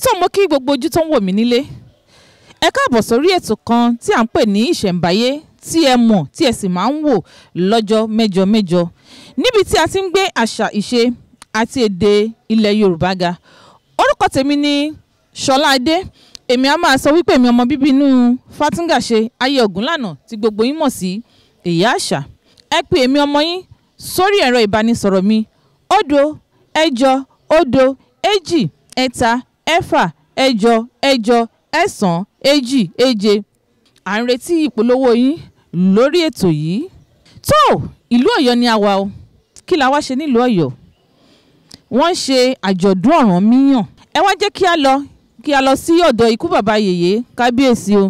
tó mo kí gbogbo ojú tó ń wò mí nílé ẹ káàbọ̀ sórí ètò kan tí à ń pè ní ìṣẹ̀ǹbáyé tí ẹ mọ̀ tí ẹ sì máa ń wò lọ́jọ́ mẹ́jọ mẹ́jọ níbi tí a ti ń gbé àṣà ìṣe àti èdè ilẹ̀ Yorùbá ga orúkọ tèmi ni Ṣọlá Adé èmi a máa sọ wípé èmi ọmọ bíbí inú Fátúngàṣe ayé Ògúnlànà tí gbogbo yín mọ̀ sí èyí àṣà ẹ pè èmi ọmọ yín sórí ẹ̀rọ ìbánisọ̀rọ̀ mi òdo ẹ̀jọ òdo èjì ẹ̀ta ẹ̀fà ẹ̀jọ ẹ̀jọ ẹ̀sán èjì èje à ń retí ìpolówó yín lórí ètò yìí. tó ìlú ọ̀yọ́ ni a wà o kí la wá ṣe nílùú ọ̀yọ́ wọ́n ń ṣe àjọ̀dún Ọ̀rànmíyàn ẹ wá jẹ́ kí a lọ kí a lọ sí ọ̀dọ̀ ikú bàbá yèyé kábíyèsí o.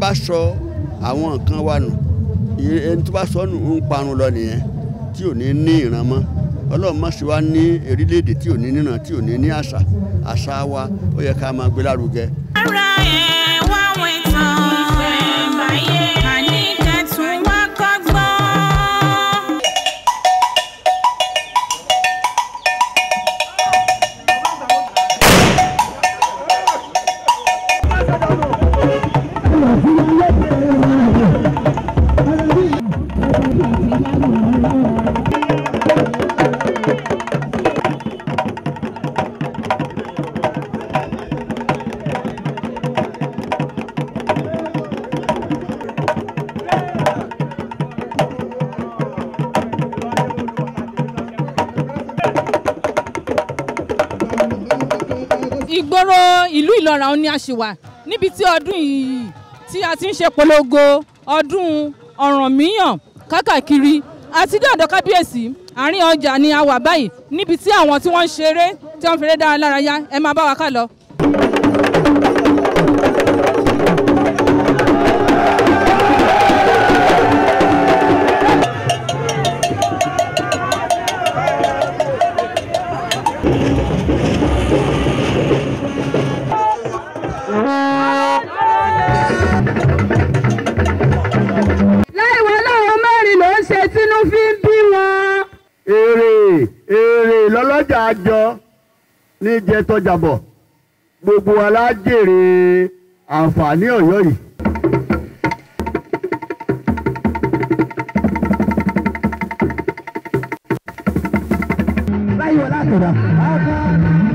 bá sọ àwọn nǹkan wa nù ẹni tó bá sọ nù ń parun lọ nìyẹn tí ò ní ní ìran mọ́ ọlọ́run má ṣe wá ní orílẹ̀-èdè tí ò ní níran tí ò ní ní àṣà àṣà wa ó yẹ ká máa gbé lárugẹ. ara ẹ̀ wá wẹ̀ tán. ìgboro ìlú Ìlọrà òun ni a ṣì wà níbi tí ọdún yìí tí a ti ń ṣe polongo ọdún Ọ̀rànmíyàn kákàkiri àti dọ̀dọ̀ kábíyèsí àárín ọjà ni a wà báyìí níbi tí àwọn tí wọ́n ń ṣeré tí wọ́n fèrè dára lára ẹ máa bá wa ká lọ. láìwọ láwọn mẹ́rin ló ń ṣe tínú fi ń bí wọn. èrè èrè lọ́lọ́jà àjọ ní jẹtọjàbọ̀ gbogbo wa la jèrè àǹfààní ọ̀yọ́ yìí. láyé wọlé àtọ̀dá.